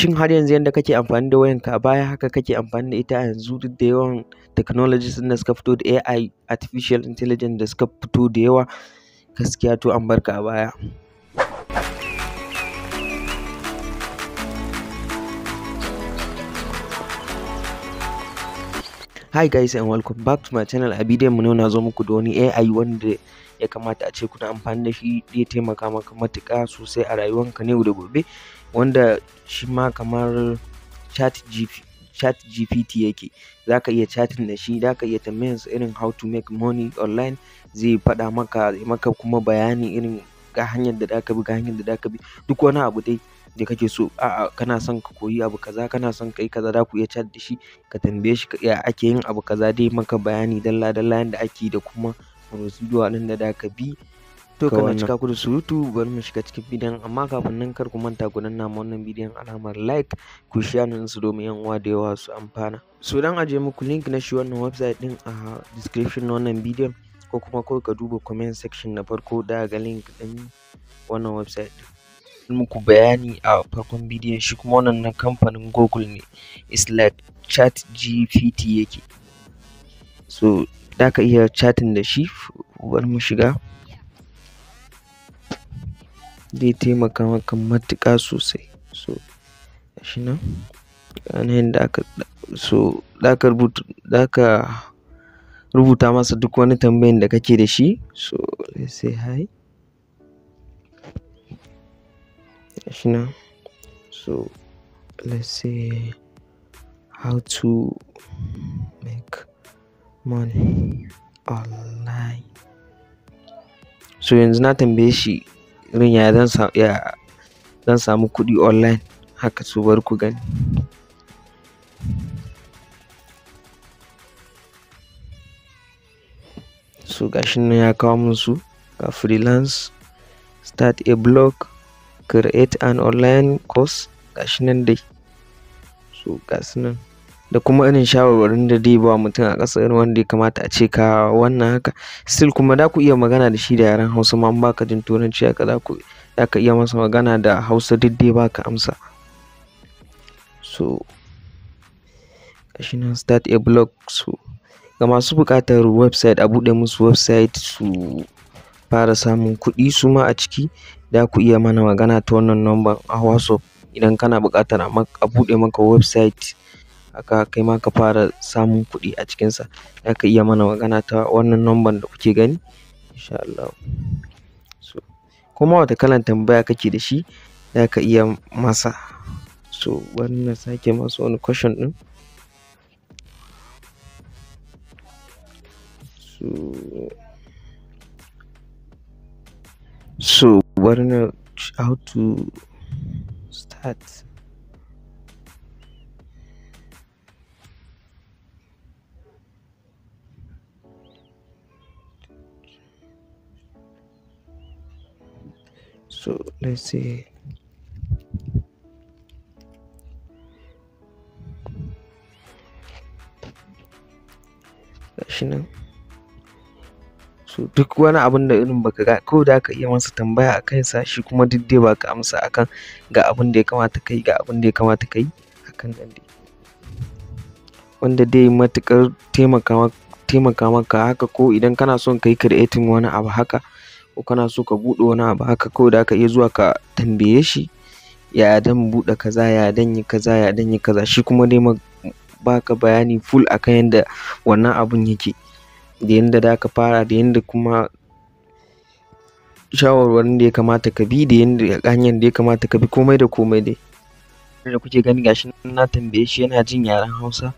shin har yanzu yadda kake amfani da wayanka a baya haka kake amfani da ita yanzu duk da yawan technologies suna da suka fito da AI artificial intelligence da suka fito da yawa gaskiya to an barka a baya. Hi guys and welcome back to my channel a bidiyon mu na zo muku da wani AI wanda ya kamata a ce kuna amfani da shi ya taimaka maka matuƙa sosai a rayuwanka ne da gobe wanda shi ma kamar chat GPT yake zaka iya chatting da shi zaka iya tambayan su irin how to make money online zai faɗa maka maka kuma bayani irin ga hanyar da zaka bi ga hanyar da zaka bi duk wani abu dai da kake so a'a kana son ka koyi abu kaza kana son ka kaza za ku iya chat da shi ka tambaye shi ya ake yin abu kaza dai maka bayani dalla dalla yanda ake da kuma procedure nan da da ka bi to kana cika ku da surutu bari mu shiga cikin bidiyon amma kafin nan kar ku manta ku danna ma wannan bidiyon alamar like ku share nan su domin yan uwa da yawa su amfana so dan aje muku link na shi wannan website din a description na wannan bidiyon ko kuma kawai ka duba comment section na farko da ga link din wannan website din muku bayani a farkon bidiyon shi kuma wannan na kamfanin google ne is like chat gpt yake so da ka iya chatting da shi bari mu shiga zai taimaka maka matuƙa sosai so shi nan yanayin da aka so da ka rubuta da ka rubuta masa duk wani tambayin da kake da shi so sai hi Krishna so let's see, how to make money online so yanzu na tambaye when you ya some yeah ya dan samu kudi online haka su bar ku so guys ya kawo su ga freelance start a blog create an online course shi nan dai ga su nan da kuma irin shawarwarin da dai ba mutum a ƙasa irin wanda ya kamata a ce ka wannan haka still kuma da ku iya magana da shi da yaren hausa ma ba baka jin turanci haka za ku ka iya masa magana da hausa duk dai baka amsa so shi nan start a blog so ga masu buƙatar website a buɗe musu website su fara samun kuɗi su ma a ciki da ku iya mana magana ta wannan number a WhatsApp idan kana buƙatar a buɗe maka website haka kai ma ka fara samun kuɗi a cikinsa. ya ka iya mana magana ta wannan number da kuke gani insha Allah So kuma wata kalan tambaya kake da shi ya ka iya masa. So wannan sake masa wani question din So. So. what on know how to start so let's see. rational su duk wani abun da irin baka ga ko da ka iya masa tambaya a kansa shi kuma duk dai baka amsa akan ga abun da ya kamata kai ga abun da ya kamata kai akan nan dai wanda dai matukar taimaka maka taimaka maka haka ko idan kana son ka yi creating wani abu haka ko kana so ka buɗe wani abu haka ko da ka iya zuwa ka tambaye shi ya dan buɗe kaza ya dan yi kaza ya dan yi kaza shi kuma dai baka bayani full akan yadda wannan abun yake da yadda da ka fara da yadda kuma shawarwarin da ya kamata ka bi da yadda hanyar da ya kamata ka bi komai da komai dai da kuke gani gashi na tambaye shi yana jin yaren Hausa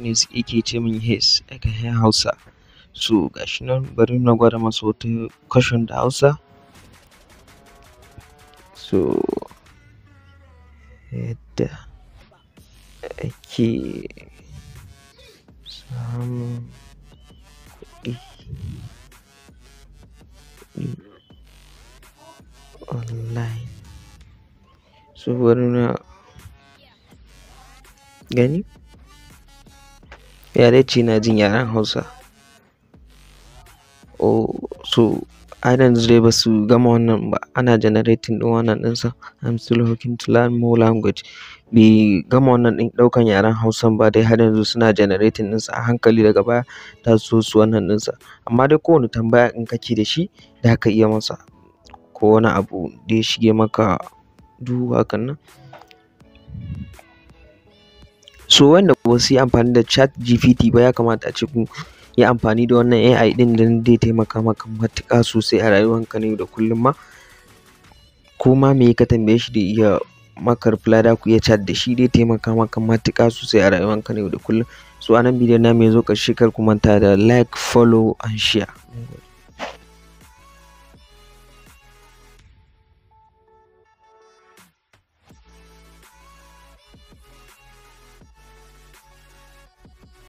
ne su ke ce min his aka can Hausa so gashi nan bari na gwada masa wata kashin da Hausa so yadda ake samun Wallahi. Su gani? Yare ce na jin yaren Hausa. Oh, so har yanzu dai ba su gama wannan ba ana generating ɗin wannan ɗinsa I'm still hoping to learn more language Bi gama wannan ɗin ɗaukan yaren Hausan ba dai har yanzu suna generating ɗinsa a hankali daga baya ta so su wannan ɗinsa amma dai kowane tambaya in kake da shi da ka iya masa ko wani abu da ya shige maka duhu hakan nan. So wanda ba su yi amfani da ChatGPT ba ya kamata a ce ku yi amfani da wannan AI ɗin don zai taimaka maka matuƙa sosai a rayuwanka na yau da kullum ma. Ko ma me ka tambaye shi da iya maka reply da ku iya chat da shi zai taimaka maka matuƙa sosai a rayuwanka na yau da kullum. So a nan bidiyon na me zo ƙarshe kar ku manta da like, follow and share.